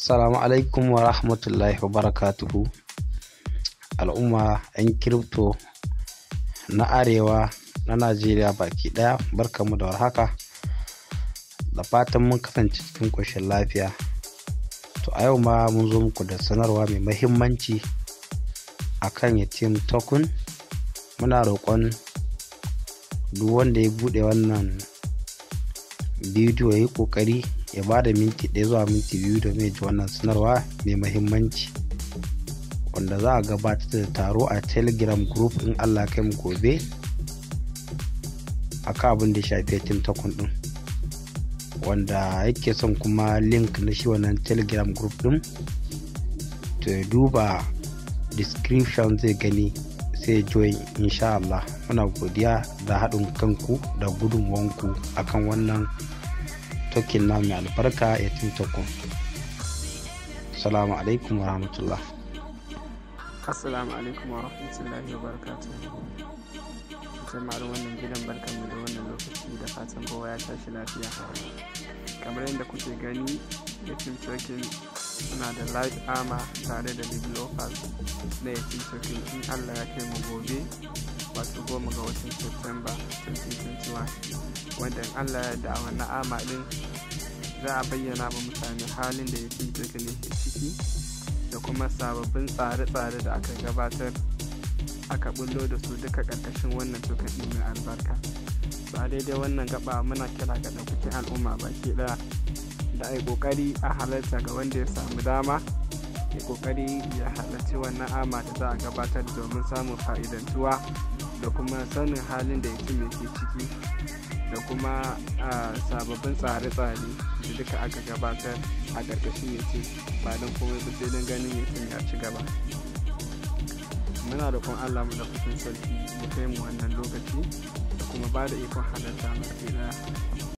Assalamu alaikum wa rahmatullahi wa barakatuhu al'umma 'yan kirifto na arewa na Najeriya baki daya mu da warhaka da fatan mun kasance cikin ƙoshin lafiya to a yau ma mun zo muku da sanarwa mai mahimmanci akan yatim token muna roƙon duk wanda ya buɗe wannan bidiyo ya yi ƙoƙari ya ba da minti ɗaya zuwa minti biyu da mai ji wannan sanarwa mai mahimmanci wanda za a gabata da taro a telegram group in allah kai mu gobe a ka abin da shafi tim takun din wanda yake son kuma link na shi wannan telegram group ɗin to ya duba description zai gani sai join insha Allah muna godiya da haɗin kanku da gudunwanku akan wannan tokin na mai albarka ya tintokun salamu alaikum wa rahmatullah assalamu alaikum wa rahmatullahi wa barakatuhu jama'ar wannan gidan mu da wannan lokaci da fatan kowa ya tashi lafiya kamar yadda kuke gani yakin tokin suna da light armor tare da developers na yakin tokin in allah ya kai mu gobe wato goma ga watan september 2021 wanda allah ya da wannan ama din za a bayyana ba mutane halin da ya fi jirgin ke ciki da kuma sababbin tsare-tsare da aka gabatar aka bullo da su duka ƙarƙashin wannan tukaɗi mai albarka ba daidai wannan gaba muna kira ga ɗaukakin al'umma ba ke ɗaya da a yi ƙoƙari a halarta ga wanda ya samu dama ya ƙoƙari ya halarci wannan ama da za a gabatar domin samun fa'idantuwa da kuma sanin halin da ya ke ciki kuma a sababbin tsare-tsare da duka aka gabatar a ƙarƙashin ya ce ba don komai ba sai don ganin yankin ya ci gaba muna da kun allah mu da kusan sarki mu kai mu wannan lokaci da kuma ba da ikon halarta mafi